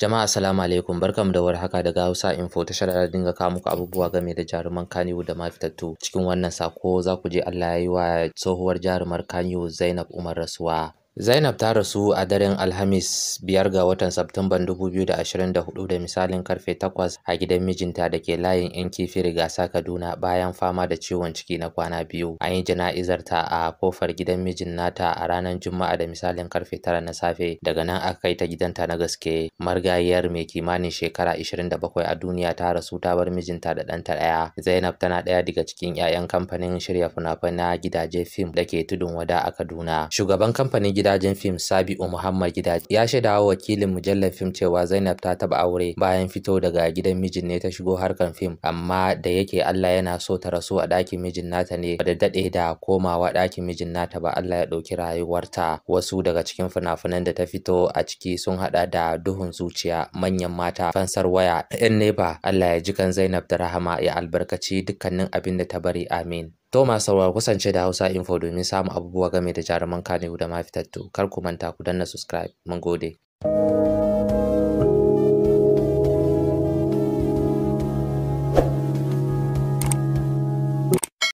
Jama'a assalamu alaikum barkamu da warhaka daga Hausa Info ta shara dinga kawo muku abubuwa game da jaruman Kanyu da mafitattu cikin wannan sako za ku je Allah ya yi wa tsohuwar jarumar Kanyu Zainab Umar rasuwa Zainab ta rasu a daren Alhamis biyar ga watan Satumban 2024 da misalin karfe takwas a gidan mijinta da ke layin 'yan kifi rigasa Kaduna bayan fama da ciwon ciki na kwana biyu. An yi jana'izar ta a kofar gidan mijin nata a ranar Juma'a da misalin karfe tara na safe. Daga nan aka kai ta gidanta na gaske. Margayiyar mai kimanin shekara 27 a duniya ta rasu ta bar mijinta da ɗanta ɗaya. Zainab tana ɗaya daga cikin 'ya'yan kamfanin shirya fina-finai gidaje fim da ke tudun wada a Kaduna. Shugaban kamfanin gida gidajen fim Sabi'u Muhammad Gidaje ya shaida wa wakilin mujallar fim cewa Zainab ta taba aure bayan fito daga gidan mijin ne ta shigo harkan fim amma da yake Allah yana so ta rasu a ɗakin mijin nata ne ba da daɗe da komawa ɗakin mijin nata ba Allah ya ɗauki rayuwarta wasu daga cikin fina-finan da ta fito a ciki sun haɗa da duhun zuciya manyan mata fansar waya 'yan neba Allah ya ji kan Zainab da rahama ya albarkaci dukkanin abin da ta bari amin To masu sauraro kusance da Hausa Info domin samun abubuwa game da jaruman Kanewu da mafitattu. Kar ku manta ku danna subscribe. Mun gode.